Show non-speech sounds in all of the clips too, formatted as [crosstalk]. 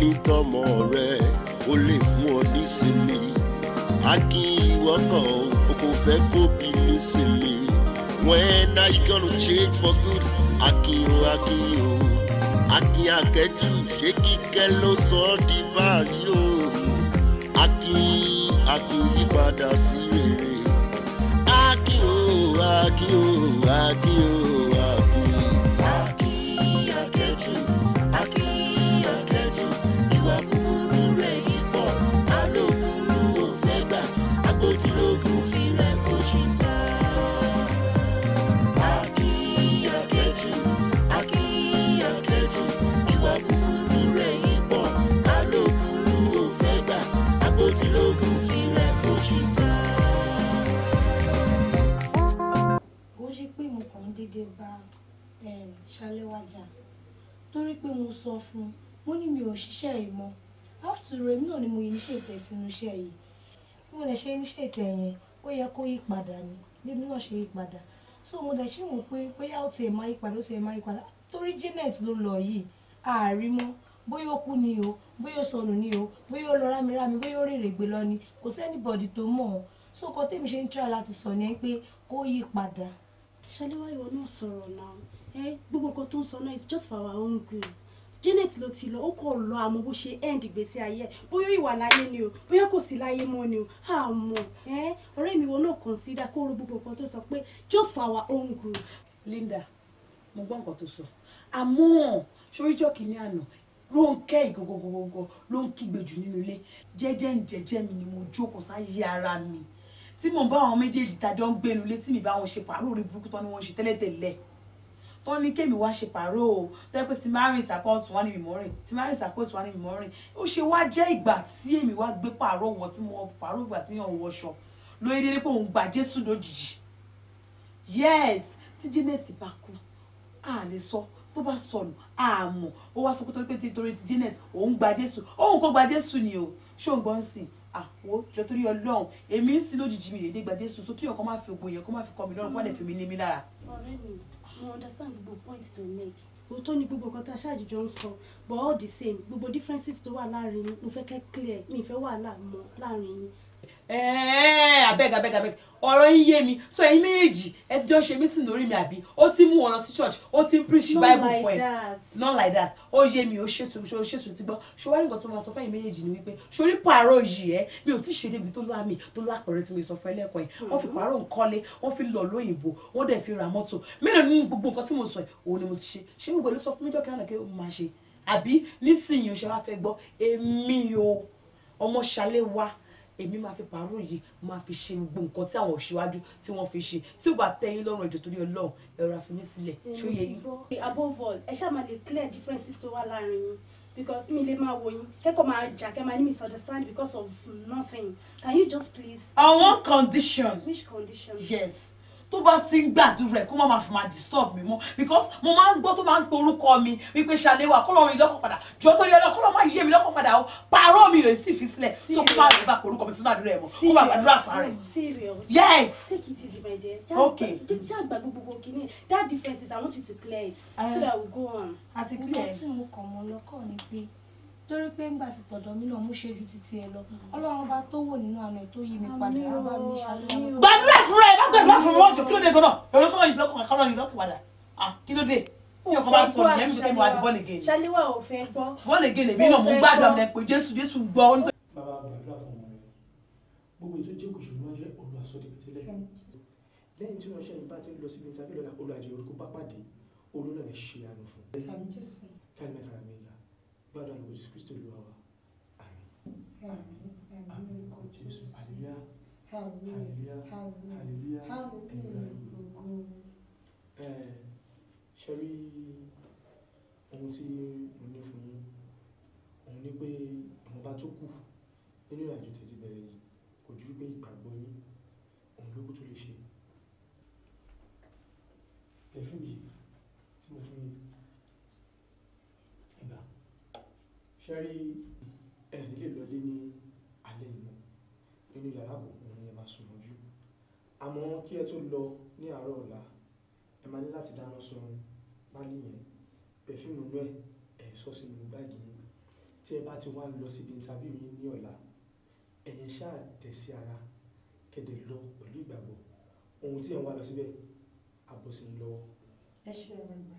pẹ̀lú tọmọ rẹ ó lè fún ọ nísinmi a kì í wọ́kọ̀ o kò fẹ́ fòbí nísinmi when are you gonna change for good akínyó akínyó akínyó akẹ́jù ṣé kíkẹ́ ló sọ ọ́ di báyìí o akínyó akínyó yípadà sí rere akínyó akínyó akínyó. Ṣaléwájà torí pé mo sọ fún un mo ní mi ò ṣiṣẹ́ yìí mọ́ after èmi náà ni mo initiate sínú iṣẹ́ yìí bí mo dẹ̀ ṣe initiate yẹn ó yẹ kó yí padà ni bí èmi náà ṣe yí padà so mo dẹ̀ ṣì wò pé bóyá ó tiẹ̀ máa yí padà ó tiẹ̀ máa yí padà torí Janet ló lọ yìí ààrí mọ́ bóyá ó kú ni o bóyá ó sọnù ni o bóyá ó lọ rámirámi bóyá ó rèrè gbé lọ ni kò sẹ́nìbọ̀dì tó mọ̀ ọ́ so nǹkan tèmi ṣe ń tíra láti sọ ni pé kó yí padà ṣáléwá ìwọ náà sọ̀rọ̀ náà ẹ gbogbo nǹkan tó ń sọ náà is just for our own good Janet ló ti lọ ó kọ lọ àmọ́ bó ṣe end ìgbésí ayé bóyá ìwà láyé ni o bóyá kò sí láyé mọ́ ni o àmọ́ ẹ ọ̀rẹ́ mi ìwọ náà consider kó ro gbogbo nǹkan tó sọ pé just for our own good. Linda mo gbọ́ nǹkan tó sọ àmọ́ ṣoríjọ́ kìíní àná ló ń kẹ́ ìgògògògò ló ń kígbe jù nínú ilé jẹ́jẹ́ ń jẹ́jẹ́ mi ni mo jókòó sáyé ara mi tí mò ń bá àwọn méjèèjì tàjọ ń gbénu létí mi bá wọn ṣe pààrọ̀ orí burúkú tán ni wọ́n ń ṣe tẹ́lẹ̀tẹ́lẹ̀ tó ní kémi wá ṣe pààrọ̀ o tẹ́ pé ti máa rìn ìsàpá ọ̀tún wá ní mímọ́ rìn ti máa rìn ìsàpá ọ̀tún wá ní mímọ́ rìn ó ṣe wá jẹ́ ìgbà tí èmi wá gbé pààrọ̀ wọ̀ tí mo pààrọ̀ ìgbà tí yàn wọṣọ lórí délé pé òun gbà Jésù lójijì yes tí Janet bá kú a lè sọ tó bá sọnù a mọ̀ ó wá sọ pé torí pé torí ti Janet òun gbà Jésù òun kò gbà Jésù ni o ṣé sìn àwo ah, jọ torí ọlọ́run èmi ń sin lójijì mi lè dé gba jésù so kí ọkọ má fi ògùn yẹn kó má fi kọ́ mi lọ́rùn kó má lè fi mi lé mi lára. ọ̀rẹ́ mi mo understand gbogbo point to make òótọ́ ni gbogbo nǹkan tá a ṣáàjì jọ ń sọ but all the same gbogbo differences tó wà láàrin yín mo fẹ́ kẹ́ clear mi ìfẹ́ wàhálà mọ́ láàrin yín abeg eh, abeg abeg ọ̀rọ̀ yín yé mi so ẹ̀yin méjèèjì ẹ ti jọ ṣe mítìn lórí mi àbí ó ti mú ọ̀rọ̀ sí church ó ti ń preach bible for ẹ not like that ó yé mi ó ṣètò ó ṣètò ti gbọ́ ṣùgbọ́n nǹkan tí mo máa sọ fún ẹ̀yin méjèèjì ni wípé ṣorí pààrọ̀ yìí ẹ mi ò tí ì ṣe débi tó lámì tó lápẹ̀rẹ̀ tí mo sọ fún ẹlẹ́kọ̀ọ́ yẹn wọ́n fi hmm. pààrọ̀ nkọ́lé wọ́n fi lọ lóyìnbó wọ́n dẹ̀ fi ra mọ́tò mélòó nínú gbogbo nǹkan tí mo sọ yìí òun ni mo ti ṣe ṣé gbogbo ìlú sọ fún mi jọ́kẹ́ àná kí mo máa ṣe àbí nísìnyí o ṣe wá fẹ́ gbọ́ èmi o ọmọ ṣalé wa èmi máa fi pààrọ̀ yìí máa fi ṣe gbogbo nǹkan tí àwọn òṣìwájú tí wọ́n fi ṣe tí ó bá tẹ́yìn lọ́rùn ẹ̀jọ̀ torí ọlọ́run ẹ̀rọ àfimí sílẹ̀ ṣóyè yìí. above all ẹ ṣáà máa lè clear differences tó wà láàrin yín because mi lè máa wò yín kẹ́kọ̀ọ́ máa jà kẹ́ máa ní misunderstand because of nothing can you just please. on one condition. which condition. yes tó bá ti ń gbàdúrà ẹ̀ kó má máa fi máa disturb mi mọ́ because mo máa ń gbọ́ tó máa ń pe orúkọ mi wípé ṣàléwà kó lọ́run ìlọ́kọ̀ padà jọ tó yẹ lọ kó lọ́ máa yé mi lọ́kọ̀ padà o pààrọ̀ mi rè sí fi sílẹ̀ tó kó má lè bá orúkọ mi sínú àdúrà ẹ̀ mọ́ kó má gbàdúrà fún rẹ̀. yes take it easy my dear. okay jẹ́ àgbà gbogbo kìíní that difference is I want you to clear it so eh, that we go on. àti clear. mo tún mo kàn mọ́ lọ́kọ̀ ni pé torí pé ńgbà sí tọ̀dọ̀ mi náà mú ṣe ju títí ẹ lọ ọlọ́run bá tó wò nínú àná ẹ tó yí mi padà àbá mi ṣàlùwà. gbàdúrà fúnra ẹ bá gbàdúrà fún wọn jù kí ló dé gbọdọ èrò tó wọnyí lọkùnrin kọlọ yìí lọkùn padà kí ló dé tí ọkọ bá sọ ìyẹn mi tó kẹ́ mi wá di bọ́ọ̀lù ṣàlùwà ò fẹ́ gbọ́. bọ́ọ̀lù ègè lèmi náà mo gbàdúrà mi pé jésù jésù gbọ́. bàbá gbàdúrà fún ọmọ rẹ gbogbo ètò ìjẹ́ òṣèlú wọn jẹ́ olùwàsódìbìtẹ́lẹ̀ lẹ́yìn tí wọ́n ṣe ìbá ti lọ síbi tí a lọ́la olùwàjẹ́ orúkọ pápá dé olólùwẹ̀ ṣe àánú fún. kálí mẹ́kàrà mi gbàdúrà lọ́wọ́ jésù kristo olúwa wa Amen. Amen. orúkọ jésù hallelujah hallelujah hallelujah hallelujah eh, ẹ ṣe rí ohun tí mo ní fún yín òun ni pé ìwọ̀nba tó kù nínú ìrìnàjò tètè bẹ̀rẹ̀ yìí kò ju pé ìgbàgbọ́ yín òun ló kù tó lè ṣe. perfume yìí ṣẹ́rí ẹ̀ nílé lọlé ní alẹ́ ìmọ̀ nínú yàrá òkun ni ẹ máa sùn lójú àmọ́ kí ẹ tó lọ ní àárọ̀ ọ̀la ẹ máa ní láti dáná sun pálí yẹn pẹ̀fíìmù inú ẹ̀ ẹ̀ sọ sínú báàgì yẹn tí ẹ bá ti wá lọ síbi interview yín ní ọ̀la ẹ̀yẹn ṣáà tẹ̀ sí ara kẹ̀dẹ̀ lọ pẹ̀lú ìgbàgbọ́ ohun tí ẹ̀ ń wá lọ síbẹ̀ àbọ̀sìn lọ́wọ́. ẹ ṣe ẹ̀rọ ìgbà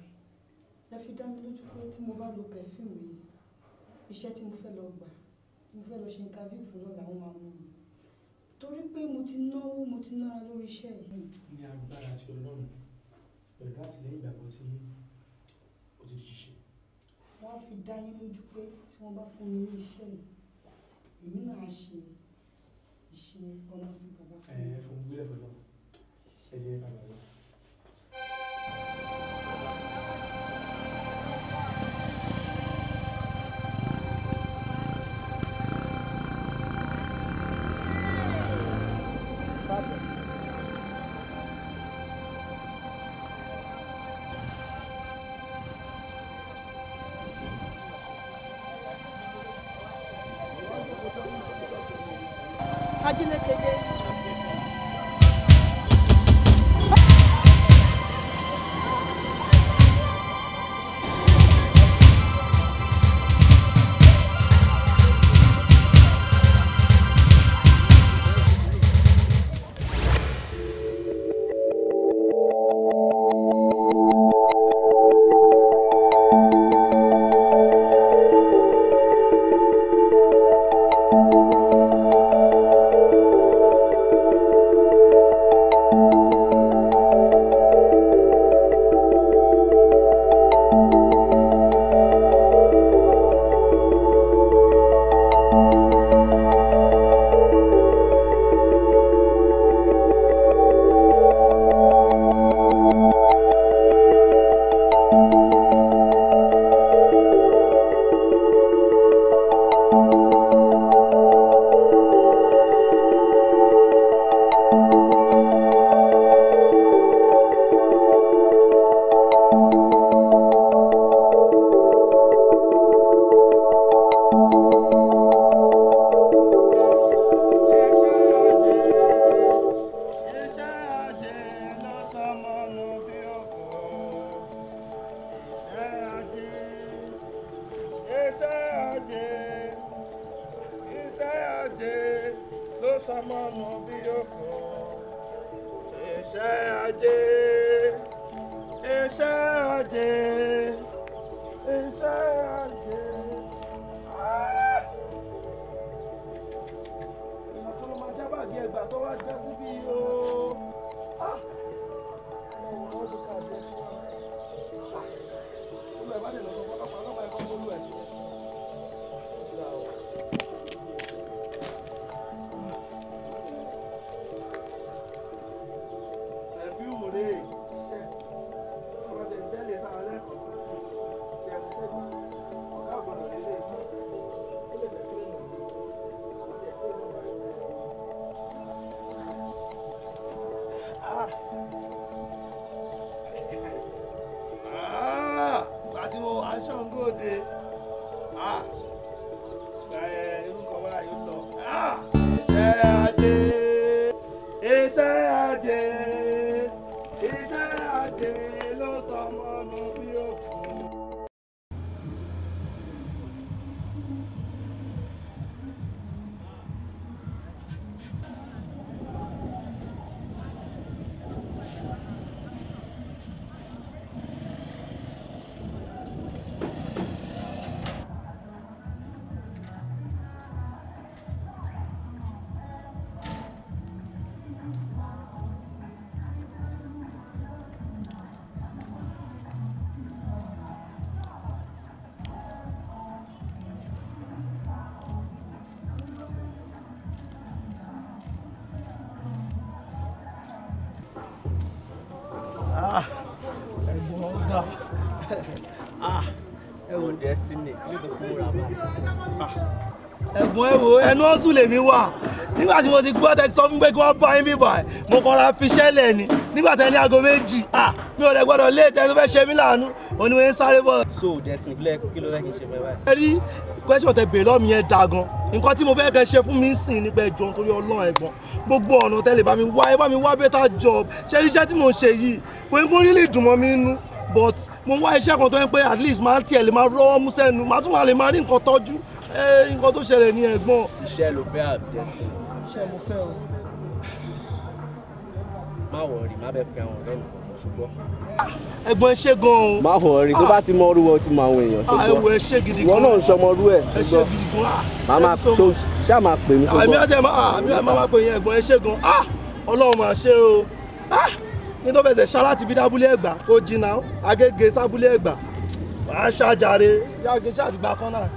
ẹ fi dá mi lójú pé tí mo bá lo pẹ̀fíìmù yìí iṣẹ́ tí mo fẹ́ lọ gbà tí mo fẹ́ lọ ṣe interview fún lọ́la wọn máa mú mi torí pé mo ti náwó mo ti nára lórí iṣẹ́ yìí. ní agbára ti ọlọ́run pẹ̀lú àtìlẹ́yìn ìgbàgbọ́ tí ó ti ṣiṣẹ́. wọ́n á fi dá yín lójú pé tí wọ́n bá fún mi ní iṣẹ́ yìí èmi náà ṣe ìṣe ọmọ sí bàbá fún mi. ẹ ẹ fún gbílẹ̀ fọlọ́ ẹ bàbá lọ. 真的可以。ẹ̀gbọ́n ẹ ẹnu ọ̀sùn lèmi wà nígbà tí mo ti gbọ́ tẹ sọ fún pé kí wọ́n bá yín bíbà mo kọra fiṣẹ́ lẹ̀ ni nígbà tẹ ní aago méjì mi ò lè gbọ́dọ̀ lé tẹ tó fẹ́ ṣe mí láàánú òní ń sáré bọ̀. so dẹ̀sìn ìbílẹ̀ kí ló fẹ́ kí n ṣe fẹ́ báyìí. ẹ rí question tẹ bèèrè lọ́mìí yẹn da gan nǹkan tí mo fẹ́ kẹ́ ṣe fún mi sìn nípa ẹjọ́ nítorí ọlọ́run ẹ̀gbọ́n gbogbo ọ̀nà tẹ́lẹ̀ bá mi wá ẹ bá mi wá better job ṣe iṣẹ́ tí mò ń ṣe yìí pé kò rí lè dùn mọ́ mi nínú but mo wá iṣẹ́ kan tó ń pẹ́ at least máa ń tiẹ̀ lè máa rọ́wọ́ mú sẹ́nu màá tún máa lè máa rí nǹkan tọ́jú nǹkan tó ṣẹlẹ̀ ní ẹ̀gbọ́n. iṣẹ́ ló fẹ́ àjẹsí. iṣẹ́ mo fẹ́ o. má wọrí má bẹ fẹ́ àwọn ọ̀rẹ́ mi ṣùgbọ́n. ẹ̀gbọ́n ẹ ṣé gan-an o. má wọrí tó bá ah. ti mọ orúwọ ti mọ àwọn èèyàn ṣùgbọ́n. ẹwọ ah, ẹ ṣé gidi gan. ìwọ náà ń sọmọ orú ẹ ṣùgbọ́n. màmá tó ṣáà máa pè mí ṣùgbọ́n. àmì àti àmì máa ah, pè yín ẹ̀gbọ́n ẹ ṣé gan-an. ọlọ́run máa ṣe o ní tó fẹsẹ̀ ṣá láti bí dábúlé ẹ̀gbà ó jìnnà Agége sábúlé ẹ̀gbà wàá ṣàjàre yàgé ṣáàtì gbà kan náà.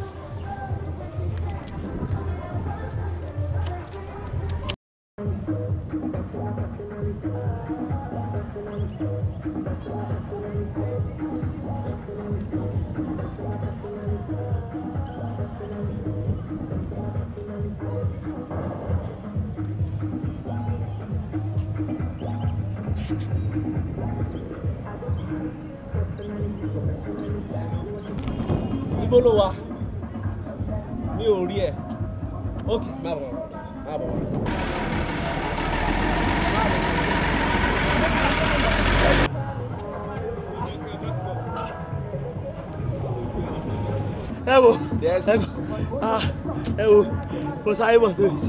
ibo ló wà mi ò rí ẹ ok má bọ̀ má bọ̀ wá. ẹ wo ah, ẹ wo mo sáré bọ̀ sórí sí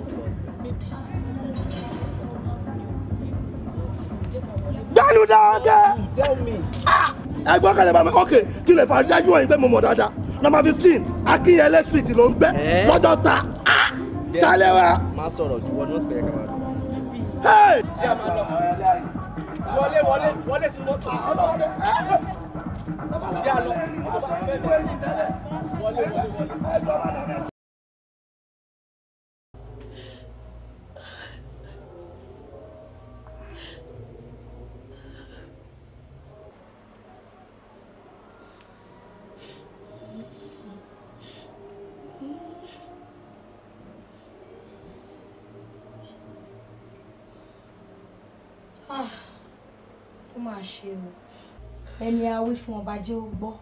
gbẹ́nu dáadẹ́. àgbà kalẹ̀ bàmí ok kí lè fa dájú ọ̀yìn pé mo mọ̀ dáadáa nọmba fifteen akínyẹlé street ló ń gbẹ́ lọ́jọ́ ta jálẹ̀ ah! wa. má sọ̀rọ̀ ju wọn ní wọ́n ti bẹ̀rẹ̀ kàmá. wọlé wọlé wọlé sí mọ́tò ah, mà ṣe o ẹni awí fún ọba jẹ́ ó gbọ́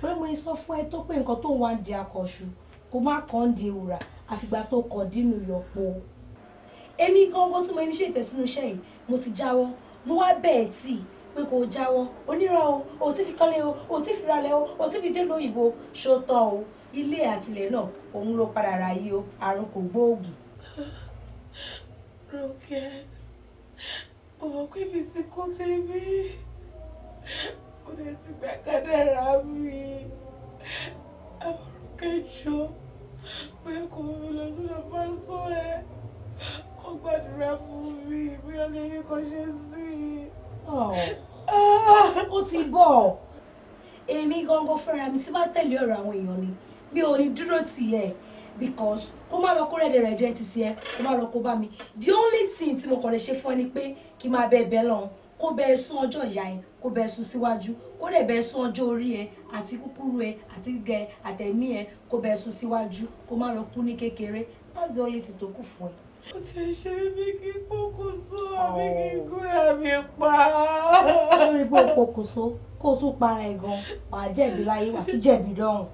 pé mo sọ fún ẹ tó pé nǹkan tó ń wá ń di akọ̀ṣù kó má kàn ń di ewùrà àfìgbà tó kọ̀ dínú yọ̀pọ̀ èmi gangan tí mo ní ṣe ìtẹ̀sínú iṣẹ́ yìí mo ti jáwọ́ mo wá bẹ̀ẹ̀ tì í pé kò jáwọ́ onírọ̀ o ò tí fi kọ́lé o ò tí fi ralẹ̀ o ò tí fi délé òyìnbó ṣótọ́ o ilé àtìlẹ̀ náà òun ló padà ra yìí o àrùn kò gbóògùn mọ̀ pé mi ti kú tèmi mo dẹ̀ ti gbà kádàrá mi àbúrò kẹjọ bóyá kò mi lọ sọ́dọ̀ pásítọ̀ ẹ kó gbàdúrà fún mi bóyá lè rí kan ṣe sí i. Oh, ó ti bọ̀ èmi gangan fẹ́ra mi sí bá tẹ̀lé ọ̀rọ̀ àwọn èèyàn ni mi ò ní dúró tì ẹ́ because kó má lọ kó rẹ̀dẹ̀rẹ̀dẹ̀ ti sí ẹ kó má lọ kó bá mi the only thing tí mo kàn lè ṣe fún ẹ ni pé kí n máa bẹ ẹ̀bẹ̀ lọ́hùn kó bẹ ẹ sún ọjọ́ ìyá ẹ kó bẹ ẹ sún síwájú kó dẹ̀ bẹ ẹ sún ọjọ́ orí ẹ àti kúkúrú ẹ àti gíga ẹ àtẹ̀mí ẹ kó bẹ ẹ sún síwájú kó má lọ kú ní kékeré that's the only thing tó kù fún ẹ ó ti ṣe bí kí pokùnso àbí kí oh. gúnra mi pa. lórí pé o pokùnso kó o tún para ẹ̀ gan-an wàá jẹ̀bi láyé wàá tún jẹ̀bi dọ́run.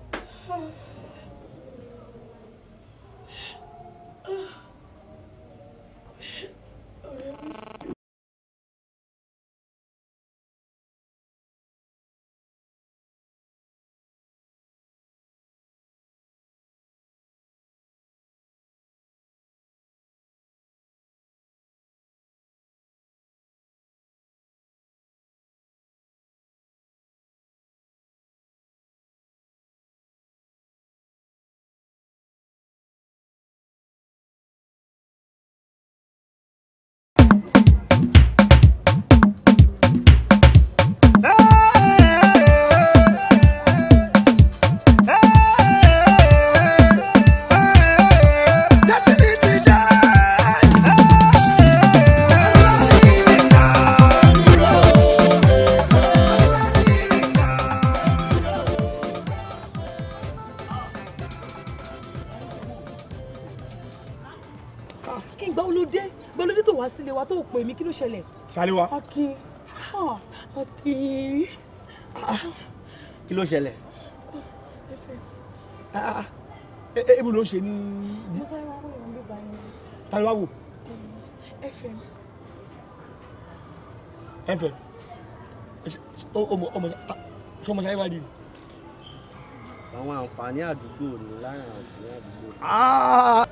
ṣẹlẹ̀. ṣàlíwá. akin akin. kí ló ṣẹlẹ̀. Ah, ah, ah. ebi e, ló ń ṣe ní. mo fẹ́ wá wò yàn bíbá yẹn. ta ló wá wò. fm. fm ọmọ ọmọ ṣọmọ ṣáyé wá di àwọn àǹfààní àdúgbò ní lára àǹfààní àdúgbò. Ah!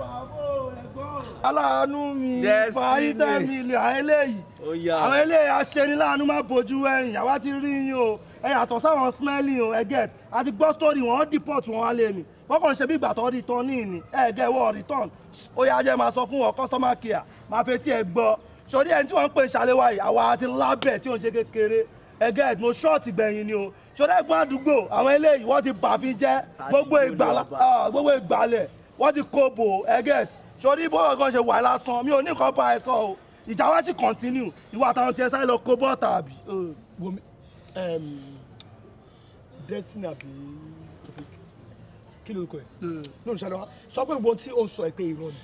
aláàánú mi fàáyítẹ́ mi ilé àwọn eléyìí àwọn eléyìí aṣeniláàánú má bójú ẹ̀yìn àwa ti rí yín o ẹ yàtọ̀ sáwọn smelling o ẹ get àti gbọ́ story wọn deport wọn wálé mi wọ́n kàn ṣe bí ìgbà tó return ní ìní ẹ get wọ́n return ó yá jẹ́ máa sọ fún wọn customer care máa fetí ẹ gbọ́ sórí ẹni tí wọ́n ń pè ṣàlẹ́wà yìí àwa ti lábẹ̀ tí òun ṣe kékeré ẹ get mo ṣọ́ọ̀tì gbẹ̀yìn ni o ṣọlá ìfún àdúgbò àwọn eléyìí wọ́n ti bàfin jẹ́ gbogbo ìgbàlẹ̀ gbogbo ìgbàlẹ̀ wọ́n ti kobo ẹgẹ́t ṣọlá ìbò ọ̀gán ṣe wà lásán mi ò ní nǹkan bá ẹ sọ o ìjà wa sì kọ̀ntínú ìwà àtàwọn tiẹ̀ sáré lọ kó bọ́ọ̀tà destiny àbí kí lorúkọ ẹ hm. náà ṣàlọ wa sọ pé ìbọn tí o sọ ẹ pé irọ́ ni.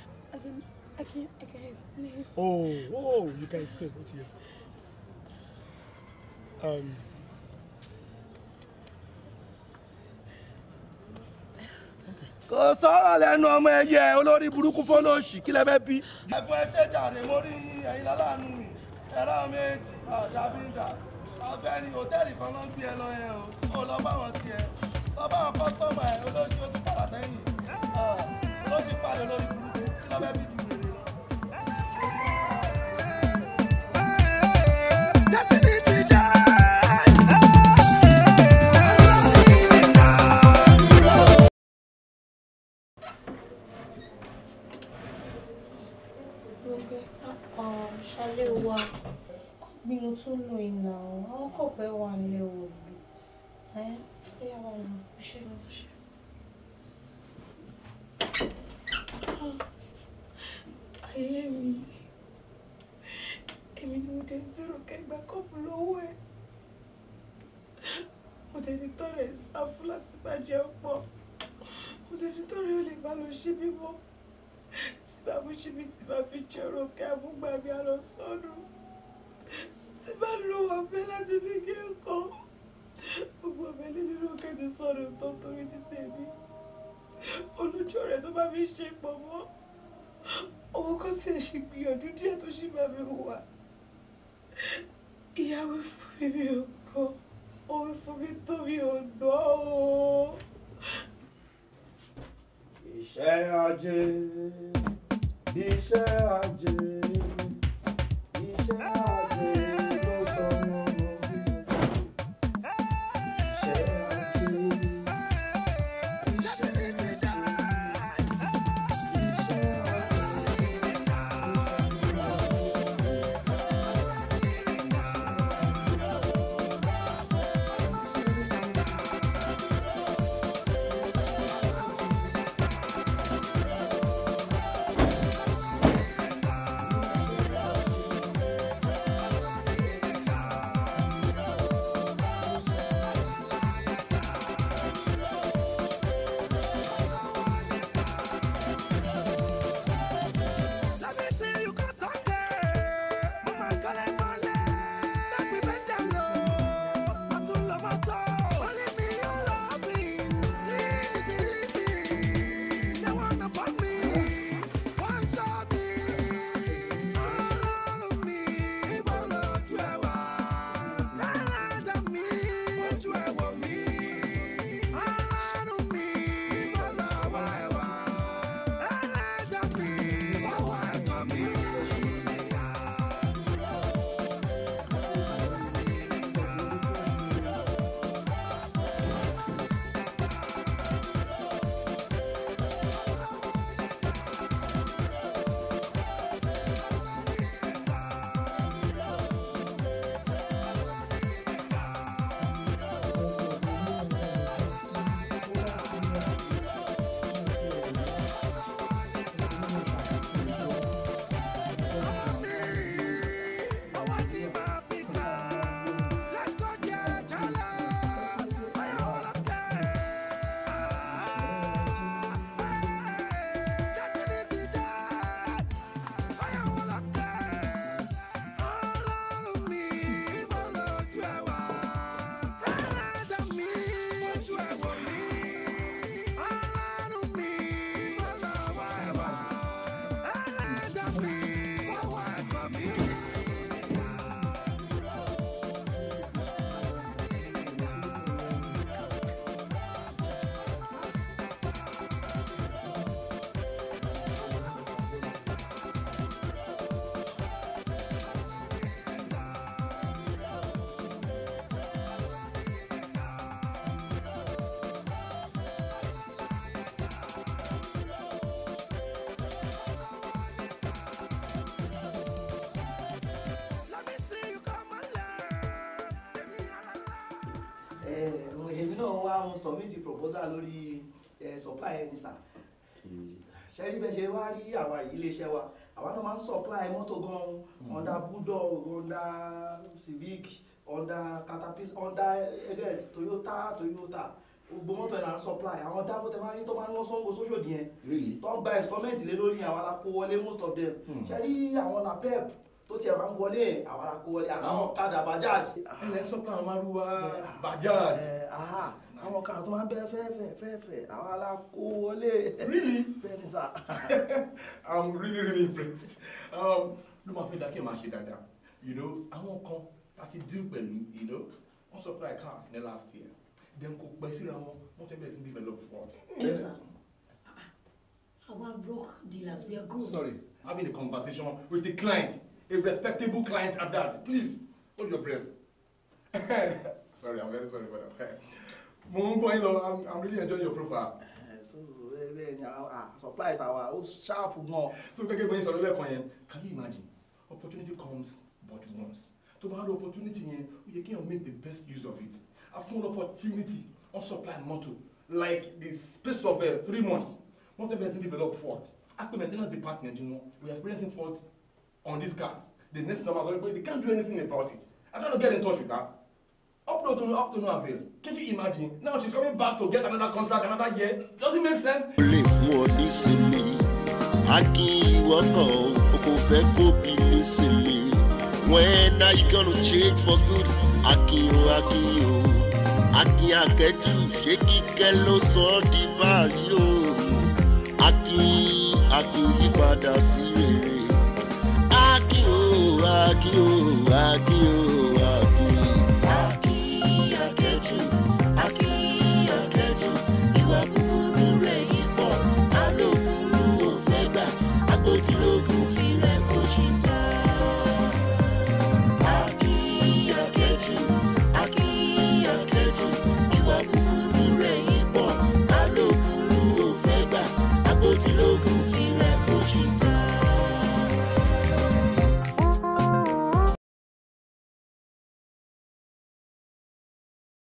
Oh, oh, you can explain. What you? Um. kò sọ̀rọ̀ lẹ́nu ọmọ ẹyẹ olórí burúkú fọlọ́ọ̀ṣì kí lẹ fẹ́ bí. ẹ̀gbọ́n ẹṣẹ́ jàre mo rí ẹ̀yin lálàánú mi ẹ̀rọ méjì ọ̀dàbíńdà ọbẹ̀ ni hòtẹ́ẹ̀lì kan ló ń gbé ẹ lọ yẹn o ó lọ bá wọn tiẹ̀ lọ bá wọn kọ́sítọ́mù ẹ̀ olóṣù ó ti padà sẹ́yìn ó ti padà lórí burúkú kí lọ fẹ́ bí. ṣe mí mọ́ tí bá mú ṣe mí sì máa fi jẹ́ òròkè amúgbàmí àlọ́sọ́nù tí bá lo ọ̀bẹ láti fi gé nǹkan gbogbo ọ̀bẹ líle rókè ti sọnù tó torí títẹ̀ mi olójú rẹ̀ tó bá fi ṣe pọ̀ mọ́ owó kan tí ẹ̀ ṣe gbìyànjú díẹ̀ tó ṣì máa fi wà ìyàwó fún mi mi ò gbọ́ òwe fún mi tó mi ò gbọ́ ooo iṣẹ́ ajé iṣẹ́ ajé iṣẹ́ ajé. wọn submit proposal lórí eh, supply ẹni sà ṣe rí bẹ́ẹ̀ ṣe wá rí àwa iléeṣẹ́ wa àwa náà máa ń supply mọ́tò gan-an ọ̀ndà hmm. bulldog ọ̀ndà civic ọ̀ndà caterpillar ọ̀ndà eget eh, toyota toyota gbogbo mọ́tò ẹ̀ náà ń supply àwọn dáfọ́tẹ́ máa ń rí tó máa ń lọ sọ́ngbó sóṣòdì yẹn tó ń gba installment lé lórí àwa la kó wọlé most of them hmm. ṣe rí àwọn na pep tó ti ẹ̀rọ ń wọlé àwa la kó wọlé àtàwọn kadà bajaj. ilẹ̀ sọ́pọ̀ àwọn arúgbó bajaj. Eh, àwọn kan tó máa ń bẹ fẹ́ẹ̀fẹ́ fẹ́ẹ̀fẹ́ àwọn alákó really bẹ́ẹ̀ni sá. [laughs] i'm really really impressed um, ló máa fi dákẹ́ máa ṣe dáadáa you know àwọn kan láti deal pẹ̀lú you know wọ́n sọ pé i can't ní last year then kò pẹ́ síra wọn wọ́n fẹ́ bẹ̀rẹ̀ sí develop fraud. kẹ́sà our broke dealers we are good. sorry having a conversation with a client a respectable client at that please hold your breath. [laughs] sorry i'm very sorry for that mo ń bọ́ yín lọ i'm really enjoying your profile. Eh, so eh, bẹ́ẹ̀ ni ah, supply it tàwa ó sharp gan. so gẹ́gẹ́ bí wọ́n sọ̀rọ̀ lẹ́ẹ̀kan yẹn can you imagine opportunity comes but once tó bá rí opportunity yẹn ó yẹ kí èèyàn make the best use of it afun opportunity on supply motor like the space of uh, three months motor benson develop fault akpe maintenance department you know we are experiencing fault on these cars the next number is already they can't do anything about it i try to get in touch with that. Up to, no, up to no avail. Can you imagine? Now she's coming back to get another contract another year. Doesn't make sense. Lè fún ọ ní sinmi, a kì kò fẹ́ fòbí ní sinmi. When are you gonna change for good? Akiyo Akiyo, Akin Akẹ́jù ṣé kíkẹ́ ló sọ ọ́ di báyìí o? Akin Akin yípadà sí rere. Akiyo Akiyo Akiyo.